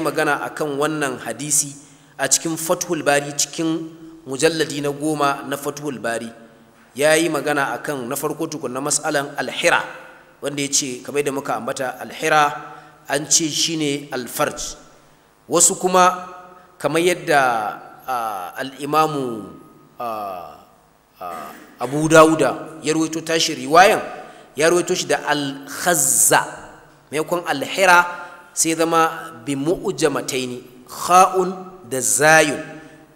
yi magana akan wannan hadisi a cikin fathul bari cikin mujalladi na goma na fathul bari ya yi magana akan na farko tukun na matsalan alhira wanda ya ce kamar da muka ambata alhira an ce shi ne alfarj wasu kuma kamar yadda al'imamu abu dawuda ya ruwaito tashi riwayan ya ruwaito shi da alhazza maimakon alhira sai zama bi mataini kha'un da zayun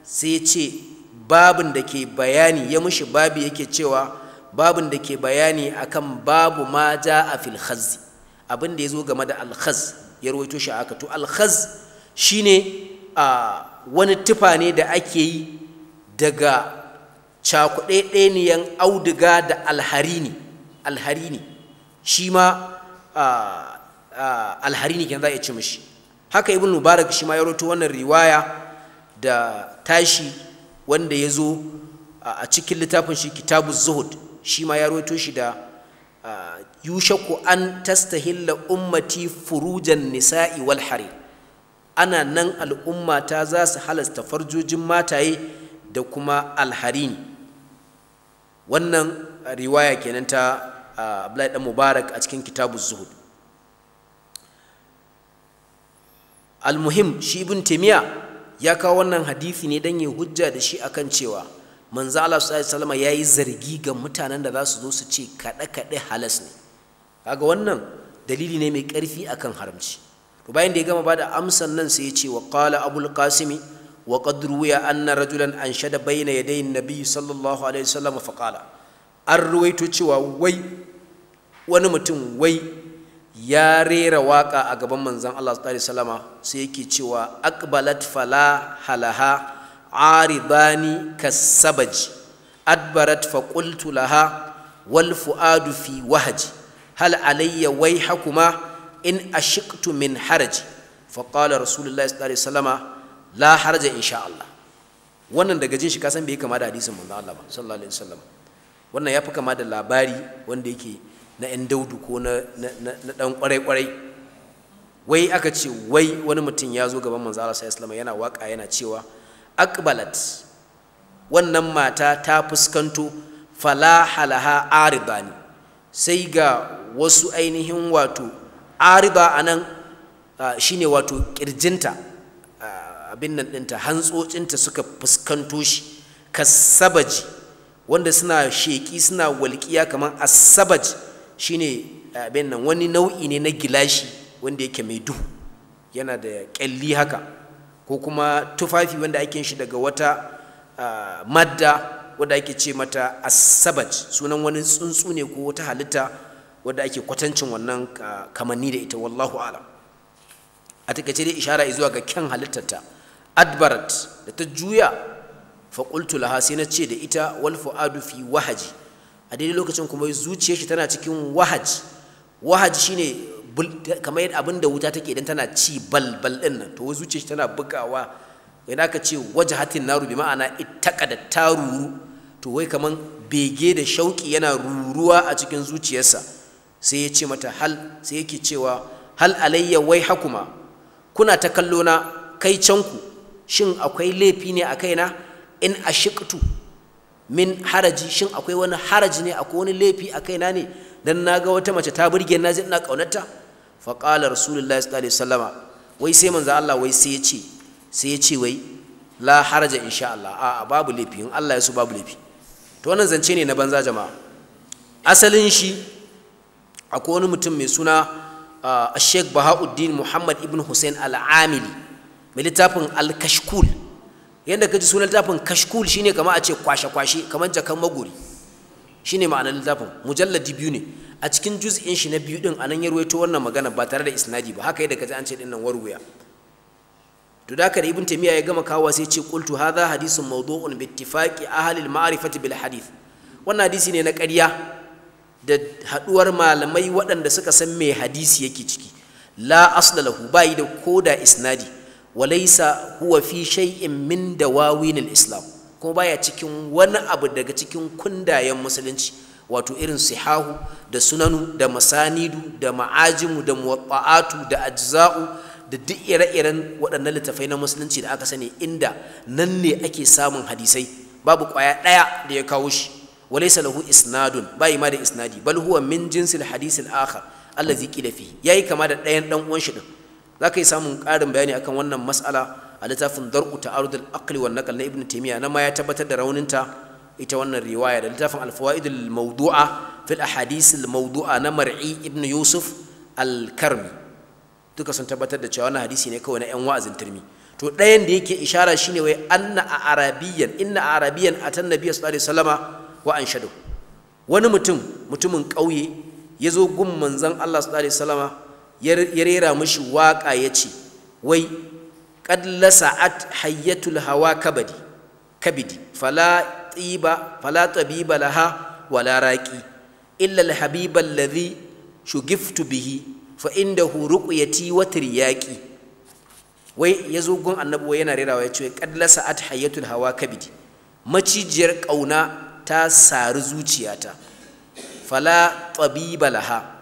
sai ce babin da ke bayani ya mushi babi yake cewa babin da ke bayani akan babu ma ja a fil khazzi abin ya zo game da alkhaz ya rawaito shi aka to alkhaz shine a wani tufa ne da ake yi daga cakuɗaɗɗeniyan auduga da alharini alharini shi ma alharini kenan za a ci mishi haka ibn mubarak shi ma ya roto wannan riwaya da tashi wanda ya zo a cikin littafin shi kitabu zuhud shi ma ya roto shi da yushaku an tastahilla ummati furujan nisa'i wal hari ana nan al'umma ta za su halasta farjojin mataye da kuma alharini wannan riwaya kenan ta Abdullahi dan Mubarak a cikin kitabu Zuhud almuhim shi ibn taimiya ya kawo wannan hadisi ne dan ya hujja da shi akan cewa manzo Allah sallallahu alaihi yayi zargi ga mutanen da za su zo su ce kaɗe kaɗe halas ne kaga wannan dalili ne mai ƙarfi akan haramci to bayan da ya gama bada amsan nan sai ya ce wa qala abul qasim wa qad ruwiya anna rajulan anshada bayna yaday an-nabi sallallahu alaihi wasallam fa qala an ruwaito cewa wai wani mutum wai ya rera waƙa a gaban manzan Allah sallallahu alaihi wasallama sai yake cewa aqbalat fala halaha aridani kasabaji adbarat fa qultu laha wal fuadu fi wahaji hal alayya wai hakuma in ashiqtu min haraji fa qala rasulullahi sallallahu alaihi la haraja insha Allah wannan daga jin shi ka san bai kama da hadisin manzon Allah ba sallallahu alaihi wasallama wannan ya fi kama da labari wanda yake na 'yan daudu ko na ɗan kwarai-kwarai wai aka ce wai wani mutum ya zo gaban manzo Allah sallallahu alaihi yana waka yana cewa aqbalat wannan mata ta fuskanto fala halaha ne sai ga wasu ainihin wato arida anan shine wato kirjinta abin nan ɗinta hantsocinta suka fuskanto shi kasabaji wanda suna sheki suna walƙiya kamar asabaji shine abin nan wani nau'i ne na gilashi wanda yake mai duhu yana da ƙyalli haka ko kuma tufafi wanda ake shi daga wata madda wadda ake ce mata asabat sunan wani tsuntsu ne ko wata halitta wadda ake kwatancin wannan kamanni da ita wallahu ala a takaice dai ishara zuwa ga kyan halittarta adbarat da ta juya faƙultu laha sai na ce da ita wal fu'adu fi wahaji a daidai lokacin kuma zuciyar shi tana cikin wahaj wahaj shine kamar yadda abin da wuta take idan tana ci balbal bal din nan to zuciyar shi tana bugawa idan aka ce hatin na bi ma'ana ittaka da taruru to wai kamar bege da shauki yana ruruwa a cikin zuciyarsa sai ya ce mata hal sai yake cewa hal alayya wai hakuma kuna ta kallo na kai ku shin akwai laifi ne a kaina in a ashiqtu min haraji shin akwai wani haraji ne akwai wani laifi a kaina ne dan na ga wata mace ta burge na ina kaunarta fa qala rasulullahi sallallahu alaihi wasallama wai sai manzo Allah wai sai ya ce sai ya ce wai la haraja insha Allah a'a babu laifi in Allah ya so babu laifi to wannan zance ne na banza jama'a asalin shi akwai wani mutum mai suna Sheikh Bahauddin Muhammad ibn Hussein Al-Amili mai littafin Al-Kashkul yadda ka ji sunan littafin kashkul shine kama a ce kwashe-kwashe kamar jakan maguri shine ma'anar littafin mujalladi biyu ne a cikin juz'in shi na biyu din anan ya ruwaito wannan magana ba tare da isnadi ba haka yadda ka ji an ce dinnan warwaya to da da ibn taymiya ya gama kawa sai ce qultu hadha hadithun mawdu'un bi ittifaqi ahli al-ma'rifati bil hadith wannan hadisi ne na ƙarya da haduwar malamai waɗanda suka san mai hadisi yake ciki la asla lahu bai da koda isnadi walaisa huwa fi shay'in min dawawin al-islam kuma baya cikin wani abu daga cikin kundayen musulunci wato irin sihahu da sunanu da masanidu da ma'ajimu da muwatta'atu da ajza'u da duk ire-iren waɗannan littafai na musulunci da aka sani inda nan ne ake samun hadisai babu ƙwaya ɗaya da ya kawo shi walaysa lahu isnadun bai ma da isnadi bal huwa min jinsil hadisil akhar allazi qila fihi yayi kama da ɗayan dan uwan shi din za ka yi samun ƙarin bayani akan wannan mas'ala a littafin dar'u ta'arudul aqli wan naqal na ibnu taimiyya na ma ya tabbatar da rauninta ita wannan riwaya da littafin alfawaid mawdua fil ahadith mawdua na mar'i ibn yusuf al-karmi duka sun tabbatar da cewa wannan hadisi ne kawai na yan wa'azin turmi to ɗayan da yake ishara shine wai anna a arabiyyan inna a arabiyyan atan nabiyyu sallallahu alaihi wasallama wa anshadu wani mutum mutumin ƙauye ya zo gun manzon Allah sallallahu alaihi wasallama ya rera mishi waƙa ya ce wai ƙalla sa'ad hayyatul hawa kabadi kabidi fala tsiba fala tabiba laha wala raqi illa alhabiba alladhi shugiftu bihi fa indahu ruqyati wa tiryaqi wai yazo gun annabi wai yana rerawa ya ce ƙalla sa'ad hayyatul hawa kabidi macijiyar ƙauna ta sari zuciyata fala tabiba laha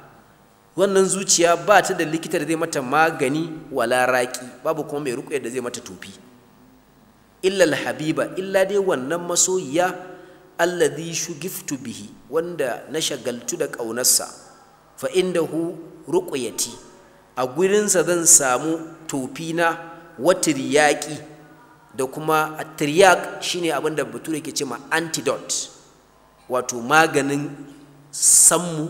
wannan zuciya ba ta da likita da zai mata magani wala raki babu kuma mai ruƙuyar da zai mata tofi illa habiba illa dai wannan masoyiya alladhi shugiftu bihi wanda na shagaltu da ƙaunarsa fa indahu ruqyati a gurinsa zan samu tofi na watiriyaki da kuma atriyak shine abinda da bature ke ce ma antidote wato maganin sammu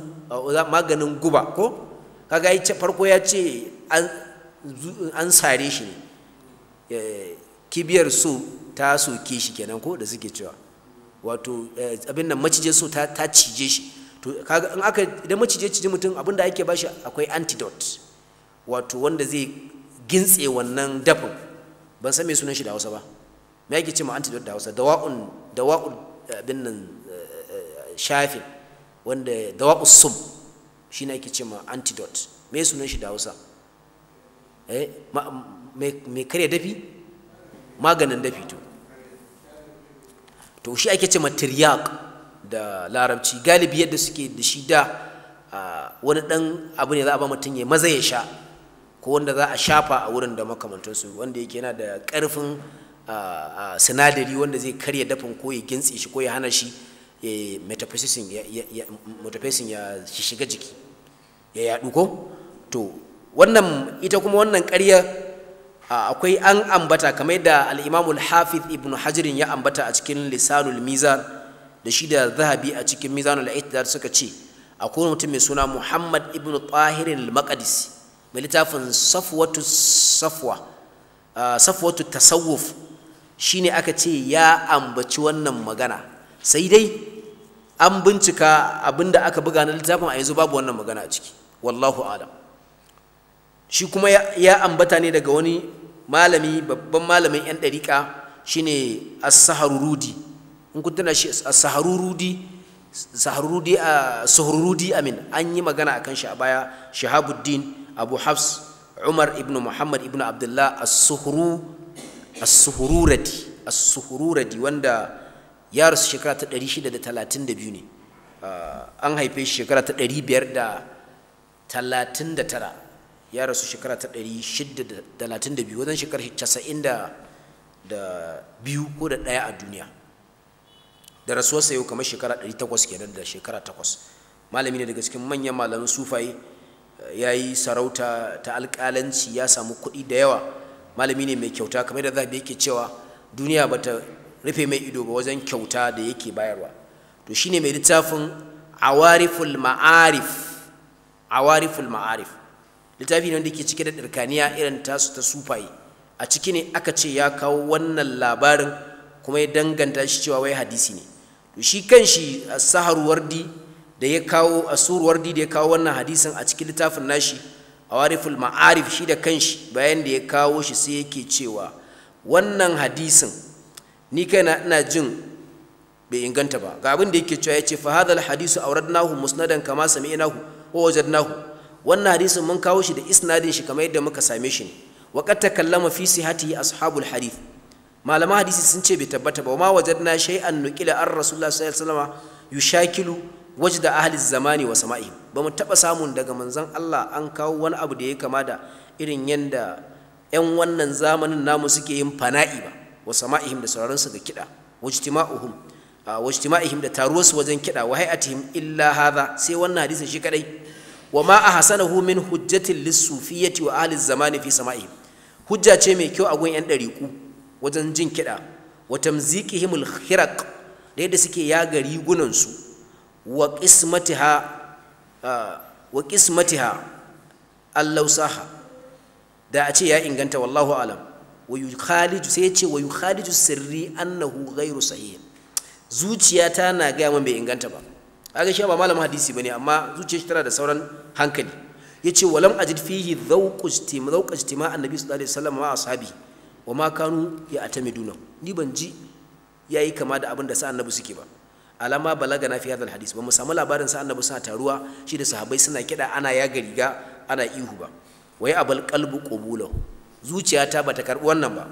maganin guba ko kaga ya ce farko ya ce an sare shi ne eh, kibiyar so ta soke shi kenan ko da suke cewa wato eh, abin nan macije so ta cije shi to kaga in aka idan macije cije mutum abin da ake bashi akwai antidote wato wanda zai gintse wannan dafin ban san me sunan shi da Hausa ba me yake ce ma antidote da Hausa dawa'un dawa'ul eh, abin nan shafin wanda dawa usum shi ne ake ce ma antidote me sunan shi da hausa eh, mai karya dafi maganin dafi to to shi ake ce ma tiryak da larabci galibi yadda suke da shi da wani ɗan abu ne za a ba mutum ya maza ya sha ko wanda za a shafa a wurin da makamantarsu wanda yake yana da ƙarfin sinadari wanda zai karya dafin ko ya gintse shi ko ya hana shi Eh, metaphysics ya shiga jiki ya yadu ko to wannan ita kuma wannan ƙarya akwai an ambata kamar da al hafiz ibnu hajirin ya ambata a cikin lisanul mizan da shi da zahabi a cikin mizanul ihtidar suka ce akwai mutum mai suna muhammad ibn tahirin al-maqdisi mai littafin safwatu safwa safwatu tasawuf shine aka ce ya ambaci wannan magana sai dai an bincika abinda aka buga na littafin a yanzu babu wannan magana a ciki wallahu alam shi kuma ya ambata ne daga wani malami babban malamin 'yan ɗariƙa shine as-saharurudi in kun tana shi as-saharurudi saharurudi a suhrurudi amin an yi magana akan shi a baya shahabuddin abu hafs umar ibnu muhammad ibnu abdullah as-suhru as-suhruradi as-suhruradi wanda ya su shekara ta 632 ne ah, an haife shi shekara ta 539 ya rasu shekara ta 632 wajen shekara casa'in da biyu ko da ɗaya a duniya da rasuwarsa yau kamar shekara 800 kenan da shekara 8 malami ne daga cikin manyan malamin sufai eh, ya yi sarauta ta alƙalanci ya samu kuɗi da yawa malami ne mai kyauta kamar da zabi yake cewa duniya bata rufe mai ido ba wajen kyauta da yake bayarwa to shine mai littafin awariful ma'arif awariful ma'arif littafi ne wanda ke cike da ɗirkaniya irin tasu ta sufaye a ciki ne aka ce ya kawo wannan labarin kuma ya danganta shi cewa wai hadisi ne to shi kan shi saharwardi da ya kawo asurwardi da ya kawo wannan hadisin a cikin littafin nashi awariful ma'arif shi da kanshi bayan da ya kawo shi sai yake cewa wannan hadisin ni kaina ina jin bai inganta ba ga abin da yake cewa yace fa hadal hadisu awradnahu musnadan kama sami'nahu wa wajadnahu wannan hadisin mun kawo shi da isnadin shi kamar yadda muka same shi ne wa qad takallama fi sihhatihi ashabul hadith malaman hadisi sun ce bai tabbata ba ma wajadna shay'an nuqila an rasulullah sallallahu alaihi wasallam yushakilu wajda ahli zamani wa sama'i ba mu taba samun daga manzon Allah an kawo wani abu da ya kama da irin yanda 'yan wannan zamanin namu suke yin fana'i ba wa sama'ihim da sauraronsu ga kiɗa wajtima'uhum wajtima'ihim da taruwarsu wajen kiɗa wa hay'atihim illa hadha sai wannan hadisin shi kadai wa ma ahsanahu min hujjatin lisufiyyati wa ahli zamani fi sama'ihim hujja ce mai kyau a gun yan dariku wajen jin kiɗa wa tamziqihim al-khiraq da yadda suke yaga rigunansu wa qismatiha wa qismatiha allausaha da a ce ya inganta wallahu alam wa sai ya ce wa sirri annahu ghairu sahih zuciyata na gaya min bai inganta ba kaga shi ba malama hadisi bane amma zuciyar shi tana da sauran hankali yace walam ajid fihi dhawqu ijtima dhawqu ijtima annabi sallallahu alaihi wasallam wa ashabi wa ma kanu ya atamiduna ni ban ji yayi kama da abinda da sa annabi suke ba alama balaga na fi hadal hadisi ba mu labarin sa annabi suna taruwa shi da sahabbai suna kida ana yaga riga ana ihu ba wai abal qalbu qubulahu zuciyata ba ta karɓi wannan ba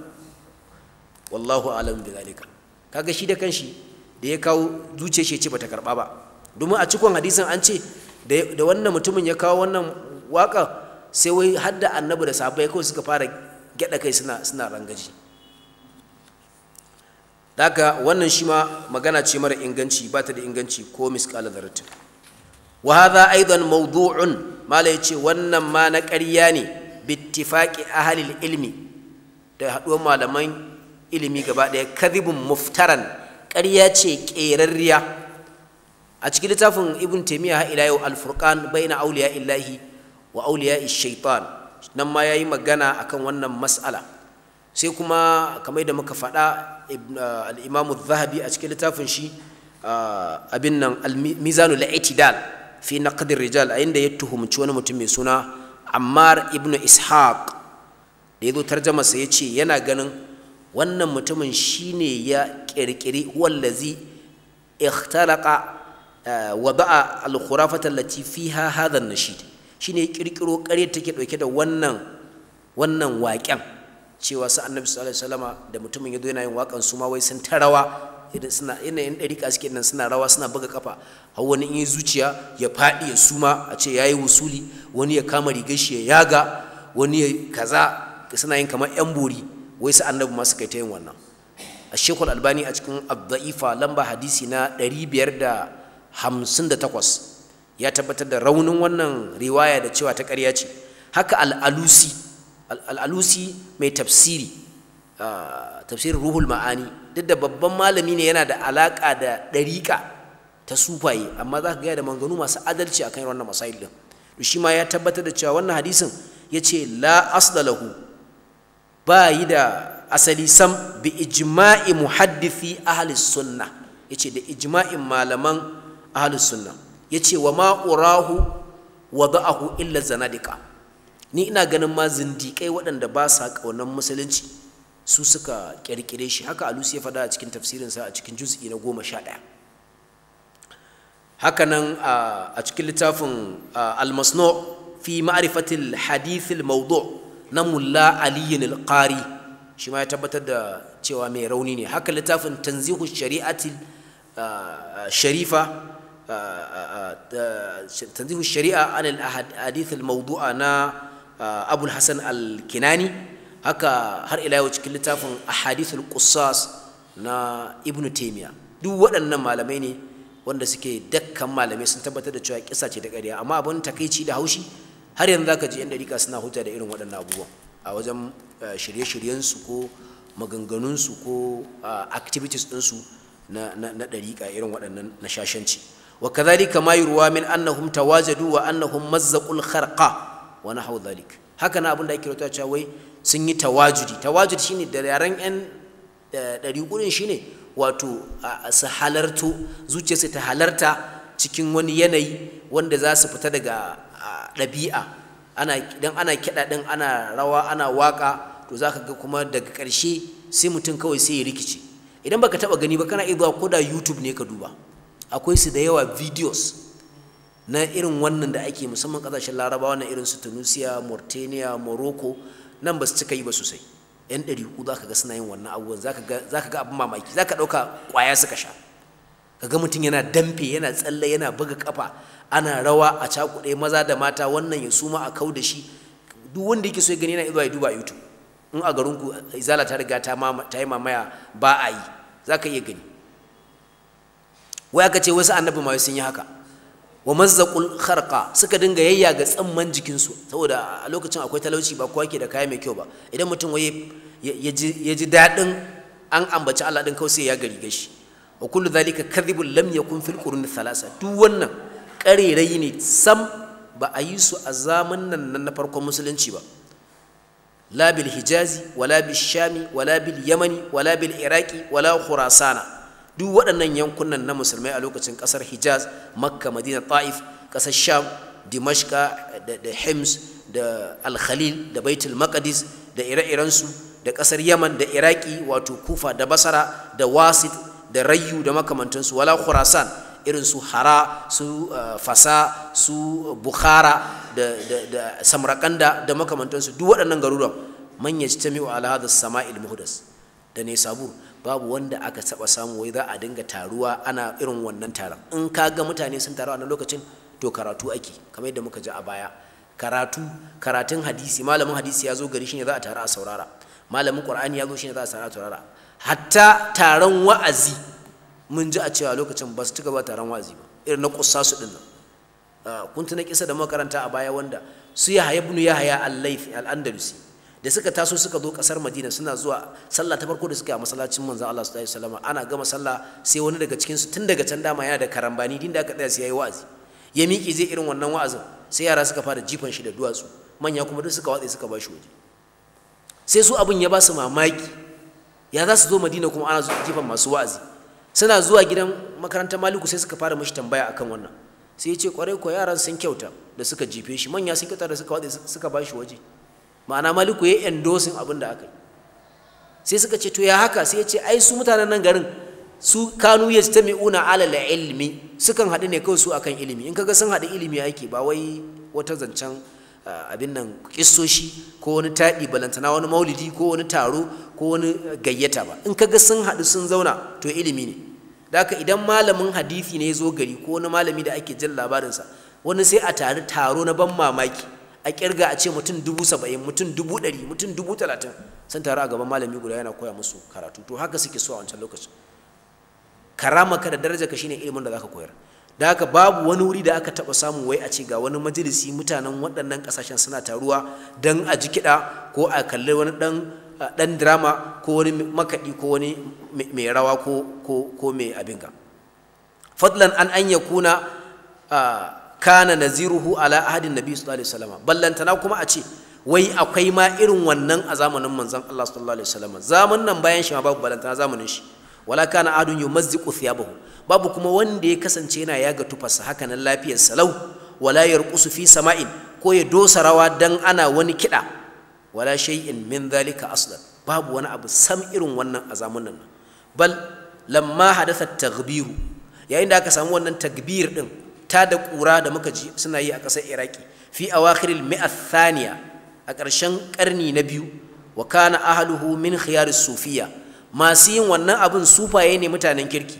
wallahu alam bi zalika kaga shi da kanshi da ya kawo zuciyar shi ce ba ta karɓa ba domin a cikon hadisin an ce da wannan mutumin ya kawo wannan waƙa, sai wai hadda annabi da sahabbai kawai suka fara gyaɗa kai suna suna rangaji daga wannan shi ma magana ce mara inganci ba ta da inganci ko miskala dharratin wa hadha aidan mawdu'un mala yace wannan ma na ƙarya ne bittifaƙi ahalil ilmi da haɗuwar malaman ilimi gaba ɗaya kadhibun muftaran ƙarya ce ƙerarriya a cikin littafin ibn taymiya ha ila yau al baina awliya illahi wa awliya shaitan nan ma yayi magana akan wannan mas'ala sai kuma kamar da muka faɗa uh, al-imam zahabi a cikin littafin shi uh, abin nan al-mizanul i'tidal fi naqd rijal a inda ya tuhumci wani mutum mai suna ammar ibnu ishaq da ya zo tarjamasa ya ce yana ganin wannan mutumin shi ne ya ƙirƙiri wallazi ikhtalaqa eh, wada'a latifi khurafata na fiha hadha an-nashid shine kirkiro ƙarya take dauke da wannan wannan waƙen cewa sa annabi sallallahu alaihi wasallama da mutumin ya yazo yana yin waƙan su ma wai sun tarawa idan suna yanayin ɗariƙa suke nan suna rawa suna buga kafa har wani in yi zuciya ya faɗi ya suma a ce ya yi wusuli wani ya kama rigar shi ya yaga wani ya kaza suna yin kamar yan bori wai su annabi ma suka yi ta yin wannan a shekul albani a cikin abda'ifa lamba hadisi na ɗari biyar da da hamsin takwas ya tabbatar da raunin wannan riwaya da cewa ta ƙarya ce haka al'alusi al'alusi mai tafsiri ah, tafsirin ruhul ma'ani duk da babban malami ne yana da alaƙa da ɗariƙa ta sufaye amma za ka gaya da manganu masu adalci akan wannan masail din to shi ma ya tabbatar da cewa wannan hadisin ya ce la asla ba yi da asali sam bi ijma'i muhaddisi ahli sunna ya ce da ijma'in malaman ahli sunna ya ce wa ma urahu wa za'ahu illa zanadika ni ina ganin ma zindiƙai waɗanda ba sa ƙaunar musulunci su suka ƙirƙire shi haka alusi ya faɗa a cikin tafsirinsa a cikin juz'i na goma sha ɗaya haka nan a cikin littafin almasno fi ma'arifatil hadithil maudu na mulla aliyin alƙari shi ma ya tabbatar da cewa mai rauni ne haka littafin tanzihu shari'atil sharifa tanzihu shari'a anil hadithil maudu'a na abul hasan al-kinani haka har ila yau cikin littafin ahadithul qusas na ibn taymiya duk waɗannan malamai ne wanda suke dakkan malamai sun tabbatar da cewa kisa ce da ƙarya amma abin takaici da haushi har yanzu zaka ji yan dariƙa suna huta da irin waɗannan abubuwan a wajen eh, shirye-shiryensu ko maganganunsu ko eh, activities ɗinsu na na dariƙa irin waɗannan na shashanci wa kadhalika ma yurwa min annahum tawajadu wa annahum mazzaqul kharqa wa nahwu dhalik haka na abin da ake rawaita cewa wai sun yi tawajudi tawajudi shine da yaren yan ɗari gudun shine wato su halarto zuciyarsu ta halarta cikin wani yanayi wanda za su fita daga ɗabi'a ana idan ana kiɗa ɗin ana rawa ana waka to za ka ga kuma daga ƙarshe sai mutum kawai sai ya rikice idan baka taɓa gani ba kana iya zuwa da youtube ne ka duba akwai su da yawa videos na irin wannan da ake musamman ƙasashen larabawa na irin su tunisia mauritania morocco nan ba su cika yi ba sosai yan ɗari uku za ka ga suna yin wannan abubuwan za ka ga abin mamaki za ka ɗauka ƙwaya suka sha ka ga mutum yana damfe yana tsalle yana buga kafa ana rawa a cakuɗe maza da mata wannan ya suma a kau da shi duk wanda yake so ya gani yana zuwa ya duba a youtube in a garin ku izala ta riga ta yi mamaya ba a yi za ka iya gani wai aka ce wasu annabi ma sun yi haka wa mazzaqul kharqa suka dinga yayya ga tsamman jikinsu saboda a lokacin akwai talauci ba kowa ke da kaya mai kyau ba idan mutum waye ya ji daɗin an ambaci Allah ɗin kawai sai ya gari gashi wa kullu zalika kadhibun lam yakun fil qurun thalasa duk wannan ƙarerai ne sam ba a yi su a zaman nan na farkon musulunci ba la bil hijazi wala bil shami wala bil yamani wala bil iraqi wala khurasana duk waɗannan yankunan na musulmai a lokacin ƙasar hijaz makka madina ta'if ƙasar sham dimashka da hims da alkhalil da baitul maqdis da ire-irensu da ƙasar yaman da iraki wato kufa da basara da wasit da rayu da makamantansu wala khurasan irin su hara su eh, fasa su bukhara da samarkanda da makamantansu duk waɗannan garuruwan manya yajtami'u ala hadha samail muhdas da ne sabur babu wanda aka saba samu wai za a dinga taruwa ana irin wannan taron in ka ga mutane sun taru a nan lokacin to karatu ake kamar yadda muka ji a baya karatu karatun hadisi malamin hadisi ya zo gari shine za a taru a saurara malamin qur'ani ya zo shine za a taru a saurara hatta taron wa'azi mun ji a cewa lokacin ba su ci ba taron wa'azi ba irin na kusa din nan ah, kun tuna kisa da makaranta a baya wanda su ya yahaya ibn yahaya al-layth al-andalusi da suka taso suka zo kasar madina suna zuwa sallah ta farko da suka yi a masallacin manzon Allah sallallahu alaihi wasallam ana gama sallah sai wani daga cikin su tun daga can dama yana da karambani din da aka tsaya sai yayi wa'azi ya miƙe zai irin wannan wa'azin sai yara suka fara jifan shi da duwatsu manya kuma duk suka watsa suka ba shi waje sai su abin ya ba su mamaki ya za su zo madina kuma ana jifan masu wa'azi suna zuwa gidan makarantar maliku sai suka fara mashi tambaya akan wannan sai ya ce kwarai ko yaran sun kyauta da suka jife shi manya sun kyauta da suka watsa suka ba shi waje ma'ana maliku ya endorsing abin da aka yi sai suka ce to ya haka sai ya ce ai su mutanen nan garin su kanu ya ta mi'una alal ilmi sukan haɗu ne kawai su akan ilimi in kaga sun haɗu ilimi ake ba wai wata zancen ah, abin nan kisoshi ko wani taɗi balantana wani maulidi ko wani taro ko wani gayyata ba in kaga sun haɗu sun zauna to ilimi ne da aka idan malamin hadisi ne ya zo gari ko wani malami da ake jin labarinsa wani sai a tare taro na ban mamaki a kirga a ce mutum dubu saba'in mutum dubu ɗari mutum dubu talatin sun taru a gaban malami guda yana koya musu karatu to haka suke so a wancan lokaci karama ka da daraja ka shine ilimin da ka koyar da haka babu wani wuri da aka taba samu wai a ce ga wani majalisi mutanen waɗannan ƙasashen suna taruwa don a ji kiɗa ko a kalli wani ɗan ɗan drama ko wani makaɗi ko wani mai rawa ko ko mai abinka fadlan an an yakuna kana naziruhu ala ahadin nabi sallallahu alaihi wasallam ballantana kuma a ce wai akwai ma irin wannan a zamanin manzon Allah sallallahu alaihi wasallam zaman nan bayan shi ma babu ballantana zamanin shi wala kana adun yumazziqu thiyabahu babu kuma wanda ya kasance yana yaga tufarsa haka nan lafiyar salau wala yarqusu fi sama'in ko ya dosa rawa dan ana wani kida wala shay'in min dhalika aslan babu wani abu sam irin wannan a zamanin nan bal lamma hadatha at yayin da aka samu wannan takbir din ta da ƙura da muka ji suna yi a ƙasar iraki fi awakhiril mi'a thaniya a ƙarshen ƙarni na biyu wa kana ahluhu min khiyaris sufiya masu yin wannan abin sufaye ne mutanen kirki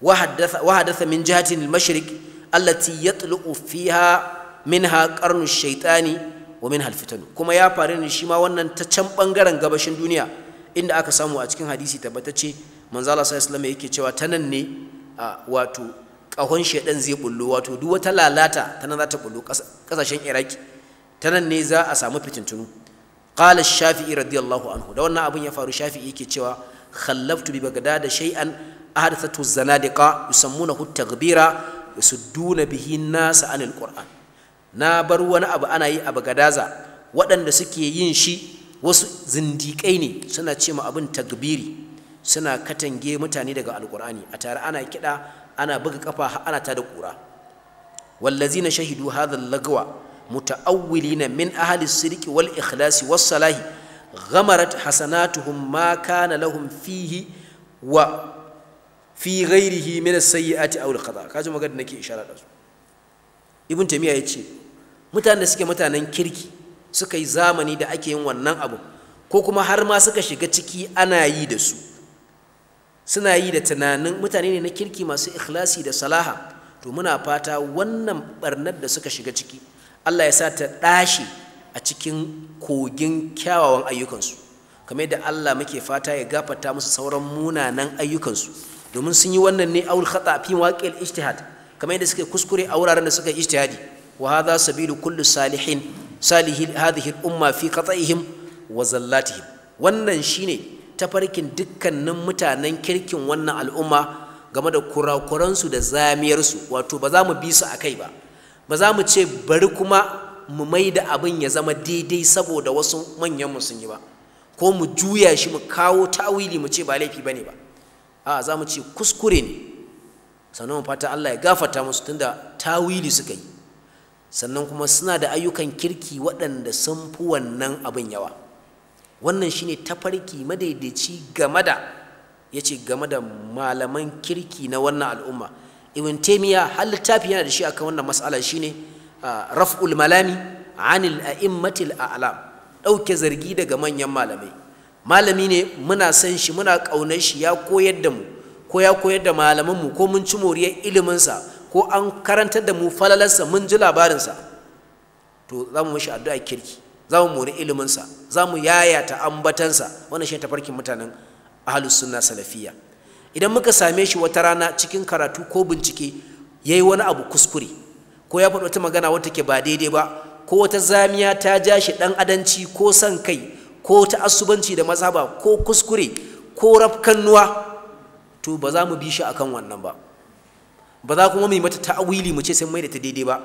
wa hadatha min jihatin al-mashriq allati yatlu'u fiha minha qarnu shaytani wa minha al kuma ya faru ne shi ma wannan ta can bangaren gabashin duniya inda aka samu a cikin hadisi tabbatacce manzo Allah sallallahu alaihi wasallam yake cewa tanan ne wato ƙahon shaidan zai bullo wato duk wata lalata tana za ta bullo ƙasashen iraki ta nan ne za a samu fitintunu qala shafi'i radiyallahu anhu da wannan abin ya faru shafi'i yake cewa khallaftu bi da shay'an ahdathatu zanadiqa yusammunahu taghbira yasudduna bihi nas anil qur'an na bar wani abu ana yi a bagadaza waɗanda suke yin shi wasu zindiƙai ne suna ce ma abin tagbiri suna katange mutane daga alƙur'ani a tare ana kiɗa ana buga kafa ana ta da kura wallazina shahidu hadha lagwa muta'awwilina min ahli sirqi wal ikhlasi was salahi ghamarat hasanatuhum ma kana lahum fihi wa fi ghairihi min as-sayyi'ati aw al-khata kaji nake isharar da su ibn tamiya yace mutanen da suke mutanen kirki suka yi zamani da ake yin wannan abu ko kuma har ma suka shiga ciki ana yi da su suna yi da tunanin mutane ne na kirki masu ikhlasi da salaha to muna fata wannan barnar da suka shiga ciki Allah ya sa ta ɗashe a cikin kogin kyawawan ayyukansu kamar yadda Allah muke fata ya gafarta musu sauran munanan ayyukansu domin sun yi wannan ne aul khata fi waqil ijtihad kamar yadda suka kuskure a wuraren da suka ijtihadi wa hadha sabilu kullu salihin salihi hadhihi al umma fi qata'ihim wa zallatihim wannan shine tafarkin dukkanin mutanen kirkin wannan al'umma game da kurakuransu da zamiyarsu wato ba za mu bi su a kai ba ba za mu ce bari kuma mu mai da abin ya zama daidai saboda wasu manyan sun yi ba ko mu juya shi mu kawo tawili mu ce ba laifi ba ne ba a za mu ce kuskure ne sannan fata Allah ya gafata musu tunda tawili suka yi sannan kuma suna da ayyukan kirki waɗanda sun fi wannan abin yawa wannan shine tafarki madaidaici game da ya ce game da malaman kirki na wannan al'umma ibn har hal littafi yana da shi akan wannan mas'ala shine raf'ul malami anil a'immatil a'lam ɗauke zargi daga manyan malamai malami ne muna san shi muna kaunar shi ya koyar da mu ko ya koyar da malaman mu ko mun ci moriyar ilimin sa ko an karantar da mu falalarsa mun ji labarinsa to za mu mashi addu'a kirki za mu mori iliminsa za mu yayata ambatansa wannan shi tafarkin mutanen ahalus sunna salafiya idan muka same shi wata rana cikin karatu ko bincike yayi wani abu kuskure ko ya faɗi wata magana wata ke ba daidai ba ko wata zamiya ta ja shi ɗan adanci ko san kai ko ta asubanci da mazhaba ko kuskure ko rafkannuwa to ba za mu bi shi akan wannan ba ba za kuma mu yi mata ta'awili mu ce sai mai da ta daidai ba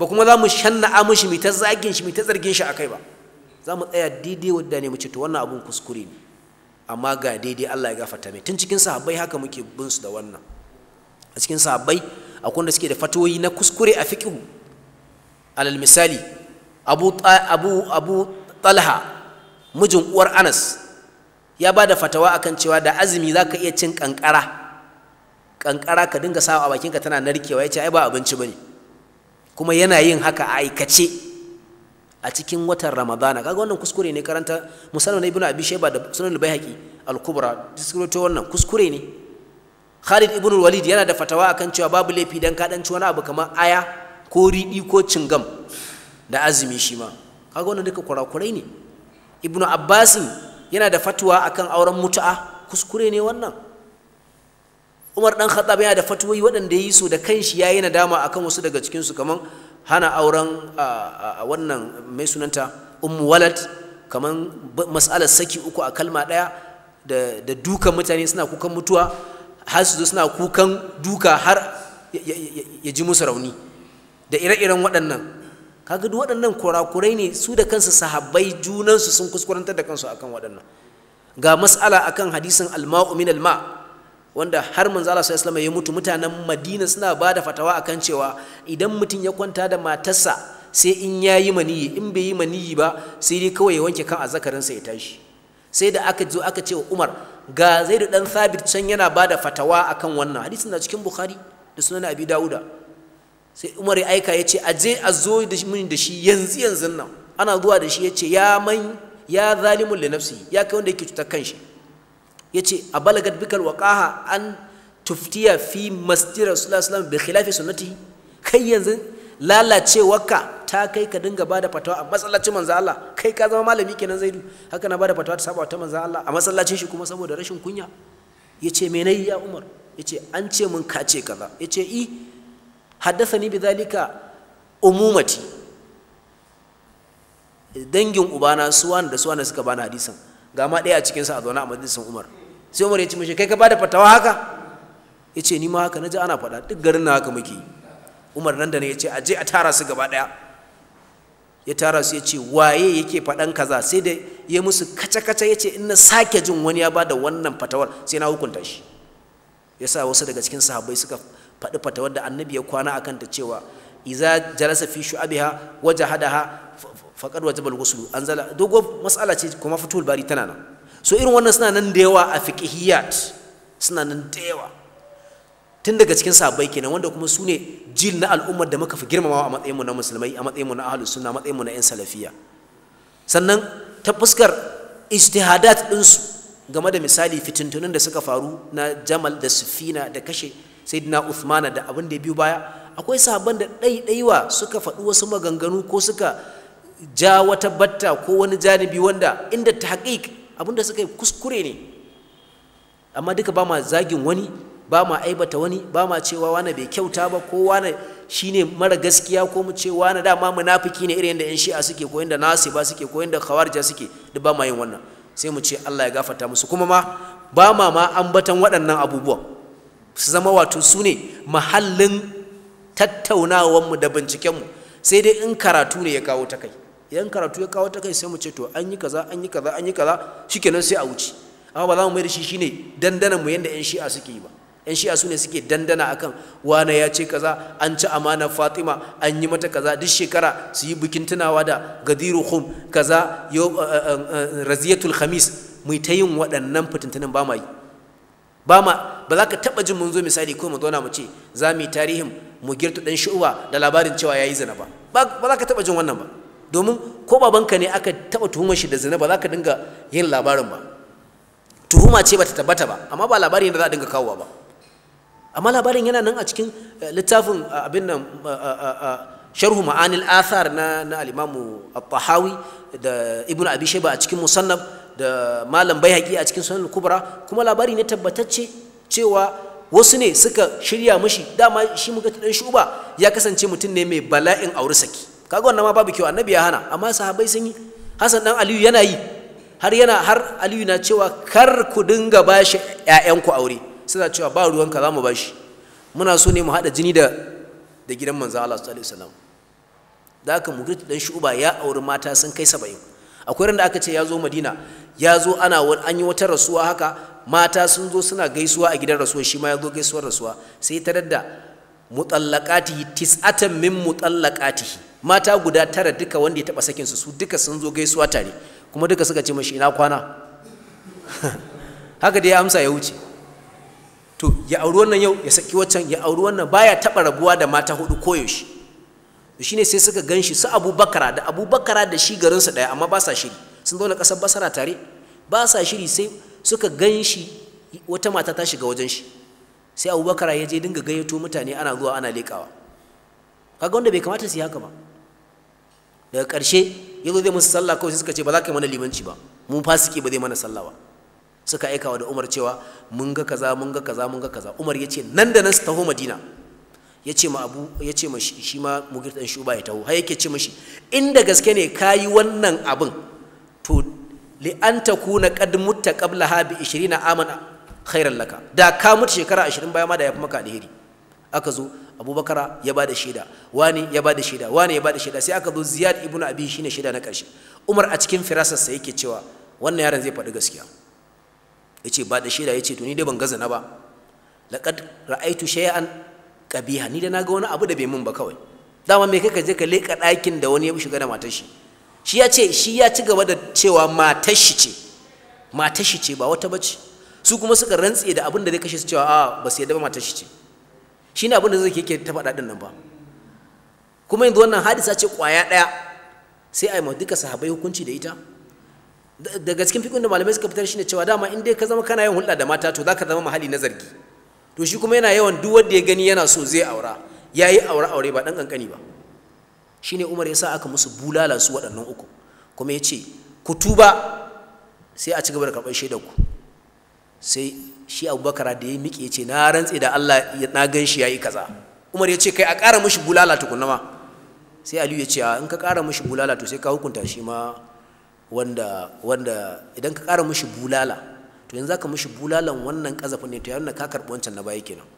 ba kuma za mu shanna'a mishi mu ta zagin shi mu ta zargin shi akai ba za mu tsaya daidai wadda ne mu ce to wannan abun kuskure ne amma ga daidai Allah ya gafarta mai tun cikin sahabbai haka muke bin su da wannan a cikin sahabbai akwai da suke da fatoyi na kuskure a fiqhu alal misali abu abu abu talha mijin uwar anas ya ba da fatawa akan cewa da azumi zaka iya cin kankara kankara ka dinga sawa a bakinka tana narkewa ya ce ai ba abinci bane ne kuma yana yin haka a aikace a cikin watan ramadana kaga wannan kuskure ne karanta musamman ibnu abi shayba da sunan bai haki al-kubra diskuto wannan kuskure ne Khalid ibn walid yana da fatawa akan cewa babu laifi dan ka dan ci wani abu kamar aya ko ridi ko cingam da azumi shi ma kaga wannan duka kurakurai ne ibnu abbas yana da fatuwa akan auren mutu'a kuskure ne wannan umar dan khattab yana da fatuwoyi waɗanda ya yi su da kanshi ya yi nadama akan wasu daga cikinsu kamar hana auren wannan mai sunanta ummu walad kamar mas'alar saki uku a kalma daya da dukan mutane suna kukan mutuwa har su suna kukan duka har ya ji musu rauni da ire-iren waɗannan kaga duk waɗannan kurakurai ne su da kansu sahabbai junansu sun kuskurantar da kansu akan waɗannan ga mas'ala akan hadisin alma'u min alma' wanda har manzo Allah sallallahu alaihi ya mutu mutanen Madina suna bada da fatawa akan cewa idan mutum ya kwanta da matarsa sai in yayi maniyi in bai yi maniyi ba sai dai kawai ya wanke kan azzakarin sa ya tashi sai da aka zo aka ce wa Umar ga Zaid dan Thabit can yana bada fatawa akan wannan hadisi na cikin Bukhari da Sunan Abi dauda sai Umar ya aika ya ce a je a zo da shi da shi yanzu yanzu nan ana zuwa da shi ya ce ya man ya zalimun li nafsi ya kai wanda yake cutar kanshi yace a balagat bikal waqaha an tuftiya fi masjid rasulullah sallallahu bi khilafi sunnati kai yanzu lalacewarka ta kai ka dinga bada fatawa a masallacin manzo Allah kai ka zama malami kenan zaidu haka na bada fatawa ta saba ta manzo Allah a masallacin shi kuma saboda rashin kunya yace me nayi ya Umar yace an ce mun kace kaza yace i haddathani zalika umumati dangin ubana suwan da suwan suka bani hadisin ga ma ɗaya a sa a zauna a majalisar Umar sai umar ya ce mashi kai ka bada fatawa haka ya ce ni haka na ji ana faɗa duk garin na haka muke umar nan da ne ya ce a je a tara su gaba ɗaya ya tara su ya ce waye yake faɗan kaza sai da ya musu kaca-kaca ya ce in na sake jin wani ya ba da wannan fatawar sai na hukunta shi ya sa wasu daga cikin sahabbai suka faɗi fatawar da annabi ya kwana akan ta cewa iza jalasa fi shu'abiha wajahadaha faqad wajaba ghusl anzala dogo mas'ala ce kuma fitul bari tana nan so irin wannan suna nan da yawa a fiqhiyat suna nan da yawa tun daga cikin sabai kenan wanda kuma sune jil na al'ummar da muka fi girmamawa a matsayin mu na musulmai a matsayin mu na ahlus sunna a matsayin mu na yan salafiya sannan ta fuskar ijtihadat su game da misali fitintunin da suka faru na jamal da sufina da kashe sayyidina uthmana da abin da ya biyu baya akwai sahabban da ɗaiɗaiwa suka faɗi wasu maganganu ko suka ja wata batta ko wani janibi wanda inda ta haƙiƙa da suka yi kuskure ne amma duka ba ma zagin wani ba ma aibata wani ba ma cewa wani bai kyauta ba ko wani shine mara gaskiya ko mu ce wani dama munafiki ne irin yadda yan shi'a suke ko yadda ba suke ko yadda khawarija suke duk ba ma yin wannan sai mu ce Allah ya gafarta musu kuma ma ba ma ma ambatan waɗannan abubuwan su zama wato su ne mahallin tattaunawanmu da bincikenmu sai dai in karatu ne ya kawo ta kai yan karatu ya kawo ta kai sai mu ce to an yi kaza an yi kaza an yi kaza shikenan sai a wuce amma ba za mu mai da shi shine dandana mu yanda yan shi'a suke yi ba yan shi'a sune ne suke dandana akan wane ya ce kaza an ci amana fatima an yi mata kaza duk shekara su yi bikin tunawa da gadiru khum kaza eh, eh, eh, raziyatul khamis mu ta yin waɗannan fitintunan ba ma yi ba ma ba za ka taɓa jin mun zo misali ko mu zauna mu ce za mu yi tarihin mu girtu ɗan shu'uwa da labarin cewa ya yi zina ba ba za ka taɓa jin wannan ba domin ko babanka ne aka taɓa tuhumar shi da zina ba za ka dinga yin labarin ba tuhuma ce ba ta tabbata ba amma ba labarin da za a dinga kawowa ba amma labarin yana nan a cikin eh, littafin eh, abin nan eh, sharhu ma'anil athar na na al-imamu at-tahawi da ibn abi shayba a cikin musannaf da malam baihaqi a cikin sunan kubra kuma labari ne tabbatacce cewa wasu ne suka shirya mishi dama shi muka dan shuba ya kasance mutum ne mai bala'in aure saki kaga wannan ma babu kyau annabi ya hana amma sahabbai sun yi hasan dan aliyu yana yi har yana har aliyu na cewa kar ku dinga bashi ƴaƴanku aure suna cewa ba ruwan za mu bashi muna so ne mu haɗa jini da da gidan manzo Allah sallallahu alaihi wasallam da mu gurtu dan shuba ya auri mata sun kai 70 akwai ran aka ce ya zo Madina ya zo ana an yi wata rasuwa haka mata sun zo suna gaisuwa a gidan rasuwa shi ma ya zo gaisuwar rasuwa sai ta dadda mutallaqatihi tis'atan min mutallaqatihi mata guda tara duka wanda ya taɓa sakin su duka sun zo gaisuwa tare kuma duka suka ce mashi ina kwana haka dai ya amsa ya wuce to ya auri wannan yau ya saki waccan ya auri wannan baya taba rabuwa da mata hudu koyaushe to shine sai suka ganshi su abubakara da abubakara da shi garinsu ɗaya amma ba sa shiri sun na ƙasar basara tare ba sa shiri sai suka ganshi wata mata ta shiga wajen shi sai abubakara ya je dinga gayyato mutane ana zuwa ana lekawa kaga wanda bai kamata su yi haka ba daga ƙarshe ya zo zai musu sallah kawai suka ce ba za ka yi mana limanci ba mu fasiki ba zai mana sallah ba suka wa da umar cewa mun ga kaza mun ga kaza mun ga kaza umar ya ce nan da nan su taho madina ya ce ma abu ya ce ma shi ma mugir ɗan shuba ya taho har yake ce mashi inda gaske ne ka yi wannan abin to li an ta kuna kad mutta qabla ha bi 20 amana khairan laka da ka mutu shekara 20 baya ma da ya fi maka alheri aka zo abubakar ya bada shaida wani ya bada shaida wani ya bada shaida sai aka zo ziyad ibnu abi shine shaida na karshe umar a cikin firasarsa yake cewa wannan yaron zai faɗi gaskiya yace ba da shaida yace to ni dai ban gaza na ba laqad ra'aitu shay'an qabiha ni da ga wani abu da bai mun ba kawai dama me kai ka je ka leka ɗakin da wani ya shiga da matar shi shi ya ce shi ya ci gaba da cewa matar shi ce matar shi ce ba wata bace su kuma suka rantse da abin da zai kashe su cewa a ba su yadda ba matar shi ce shine abin da zai ke ta faɗa nan ba kuma yanzu wannan hadisa ce ƙwaya ɗaya sai a yi ma duka sahabai hukunci da ita daga cikin fikun da malamai suka fitar shine cewa dama in dai ka zama kana yin hulɗa da mata to zaka zama mahali na zargi to shi kuma yana yawan duk wanda ya gani yana so zai aura ya yi aure aure ba dan kankani ba shine Umar ya sa aka musu bulala su waɗannan uku kuma ya ce ku tuba sai a ci gaba da karɓar shaidar ku sai shi abubakar da ya miƙe ya ce na rantse da allah na gan shi ya yi kaza umar ya ce kai a ƙara mashi bulala tukunna ma sai aliyu ya ce in ka ƙara mashi bulala to sai ka hukunta shi ma wanda wanda idan ka ƙara mashi bulala to yanzu ka mashi bulalan wannan ƙazafin ne to yana ka karɓi wancan na baya kenan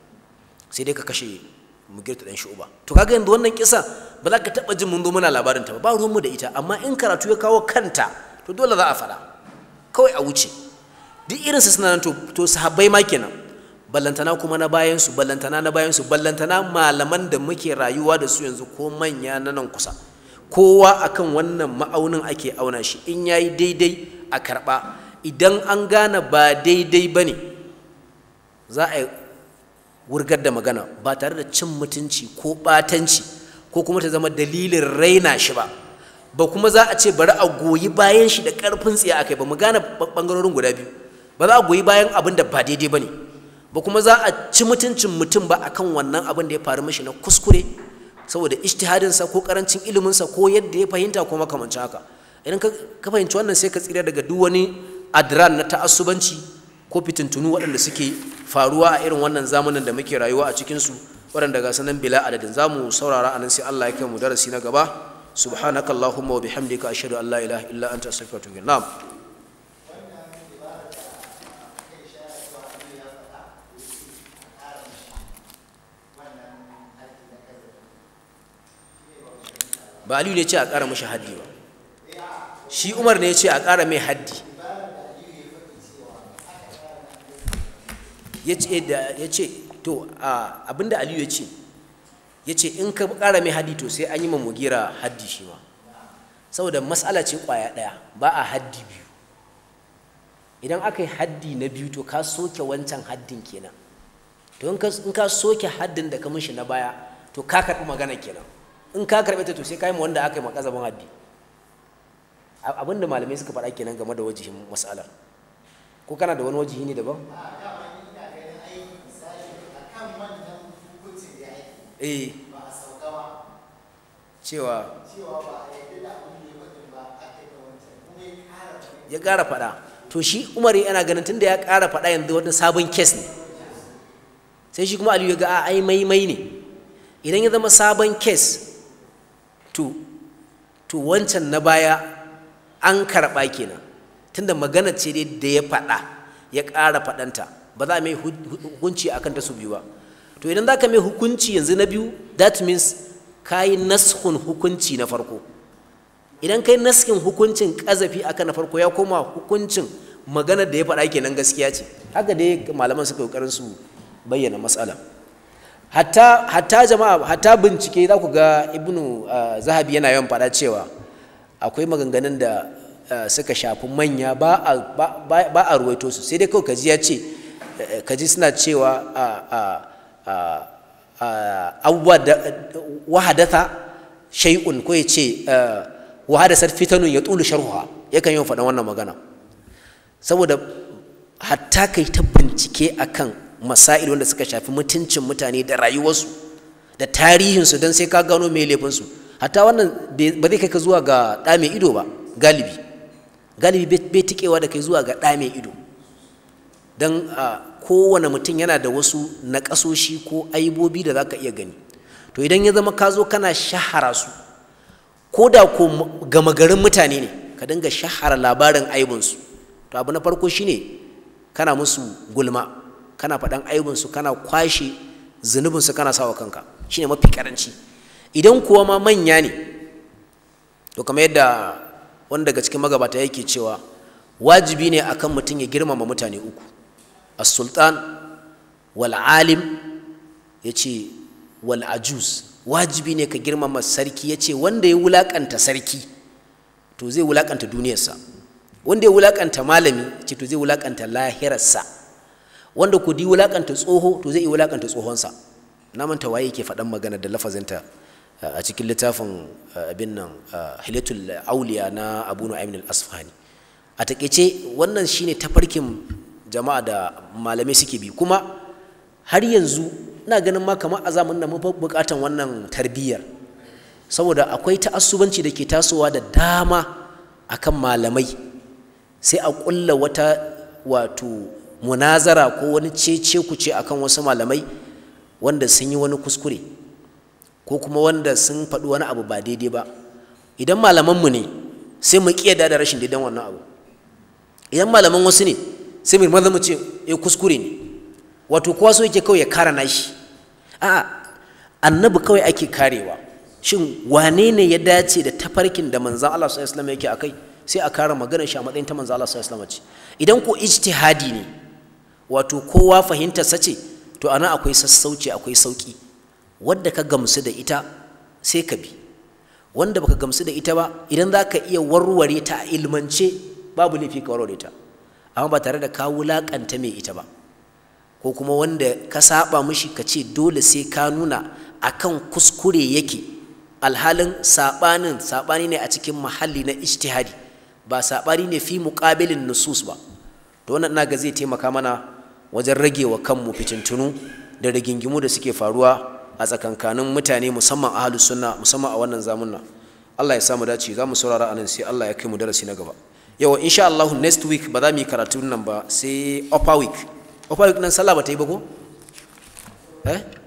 sai dai ka kashe mugirta ɗan shu'uba to kaga yanzu wannan kisa ba za ka taɓa jin mun zo muna labarin ta ba ba ruwanmu da ita amma in karatu ya kawo kanta to dole za a faɗa kawai a wuce duk irinsu suna nan to sahabbai ma kenan ballantana kuma na bayansu ballantana na bayansu ballantana malaman da muke rayuwa da su yanzu ko manya na nan kusa kowa akan wannan ma'aunin ake auna shi in yayi daidai a karɓa idan an gane ba daidai ba ne za a wurgar da magana ba tare da cin mutunci ko ɓatanci ko kuma ta zama dalilin raina shi ba ba kuma za a ce bari a goyi bayan shi da ƙarfin tsiya akai ba mu gane ɓangarorin guda biyu ba za a goyi bayan abin da ba daidai ba ne ba kuma za a ci mutuncin mutum ba akan wannan abin da ya faru mashi na kuskure saboda ishtihadinsa ko karancin iliminsa ko yadda ya fahimta ko makamancin haka idan ka fahimci wannan sai ka tsira daga duk wani adran na ta'assubanci ko fitintunu waɗanda suke faruwa a irin wannan zamanin da muke rayuwa a cikinsu waɗanda ga sanan bila adadin za mu saurara a nan sai Allah ya kai mu darasi na gaba subhanakallahumma wa bihamdika ashhadu an la ilaha illa anta astaghfiruka wa atubu ilaik ba aliyu ne ce a ƙara mashi haddi ba shi umar ne ce a ƙara mai haddi ya ce to abinda aliyu ya ce ya ce in ka ƙara mai haddi to sai an yi mugira haddi shi ma saboda matsala ce ƙwaya ɗaya ba a haddi biyu idan aka yi haddi na biyu to ka soke wancan haddin kenan to in ka soke haddin da ka mishi na baya to ka karɓi magana kenan in ka karɓe ta to sai ka yi wanda aka yi zaban haddi abin da malamai suka faɗa kenan game da wajihin mas'alar ko kana da wani wajihi ne daban eh cewa ya ƙara faɗa to shi umar yana ganin tunda ya ƙara faɗa yanzu wani sabon kes ne sai shi kuma aliyu ya ga a ai maimai ne idan ya zama sabon kes to to wancan na baya an karɓa kenan tunda magana ce dai da ya faɗa ya ƙara faɗanta ba za a mai hukunci a kan su biyu ba to idan za ka mai hukunci yanzu na biyu that means ka yi naskun hukunci na farko idan ka yi naskin hukuncin ƙazafi akan na farko ya koma hukuncin maganar da ya faɗa kenan gaskiya ce haka dai malaman suka yi ƙoƙarin su bayyana matsala hatta hatta jama'a hatta bincike za ku ga ibnu uh, zahabi yana yawan faɗa cewa akwai maganganun da uh, suka shafi manya ba a ruwaito su sai dai kawai kaji ya ce uh, kaji suna cewa abubuwa da wahadatha shay'un ko ya ce wahadasar fitanun ya tulu sharhuha yakan yawan faɗa wannan magana saboda hatta kai ta bincike akan masail wanda suka shafi mutuncin mutane da rayuwarsu da tarihinsu don sai ka gano mai laifinsu hatta wannan ba zai kai ka zuwa ga ɗa mai ido ba galibi galibi bai tikewa da kai zuwa ga ɗa mai ido don kowane mutum yana da wasu naƙasoshi ko aibobi da za ka iya gani to idan ya zama ka zo kana shahara su ko da ko gama garin mutane ne ka dinga shahara labarin aibinsu to abu na farko shine kana musu gulma kana faɗan aibinsu kana kwashe zunubinsu kana sawa kanka shine mafi karanci idan kuwa ma manya ne to kamar yadda wani daga cikin magabata yake cewa wajibi ne akan mutum ya girmama mutane uku as-sultan wal alim yace wal ajuz wajibi ne ka girmama sarki yace wanda ya wulakanta sarki to zai wulakanta duniyarsa wanda ya wulakanta malami ce to zai wulakanta lahirarsa wanda ku di wulakanta tsoho to zai yi wulakanta tsohonsa na manta waye yake faɗan magana da lafazinta a cikin littafin abin nan hilatul auliya na abu nu'aymin al-asfahani a takeice wannan shine tafarkin jama'a da malamai suke bi kuma har yanzu ina ganin ma kamar a zamanin nan mun bukatan wannan tarbiyyar saboda akwai ta'assubanci da ke tasowa da dama akan malamai sai a ƙulla wata wato munazara ko wani cece ce akan wasu malamai wanda sun yi wani kuskure ko kuma wanda sun faɗi wani abu ba daidai ba idan malamanmu ne sai mu kiyada da rashin daidan wannan abu idan malaman wasu ne sai mu maza mu ce eh kuskure ne wato kowa so yake kawai ya kara nashi a'a annabi kawai ake karewa shin wane ne ya dace da tafarkin da manzon Allah sallallahu alaihi wasallam yake akai sai a kara magana shi a matsayin ta manzon Allah sallallahu alaihi wasallam ce idan ko ijtihadi ne wato kowa sa ce to ana akwai sassauci akwai sauki wadda ka gamsu da ita sai ka bi wanda baka gamsu da ita ba idan za ka iya warware ta a ilmance babu laifi ka warware ta amma ba tare da ka wulaƙanta mai ita ba ko kuma wanda ka saba mishi ka ce dole sai ka nuna akan kuskure yake alhalin saɓanin saɓani ne a cikin muhalli na ijtihadi ba saɓani ne fi muƙabilin nusus ba to wannan naga zai taimaka mana wajen rage wa kanmu fitintunu da rigingimu da suke faruwa a tsakankanin mutane musamman ahlus sunna musamman a wannan zamunna Allah ya samu dace za mu saurara anan sai Allah ya kai mu darasi na gaba yau insha Allah next week ba za mu yi karatu nan ba sai upper week upper week nan sallah ba ta yi ba ko eh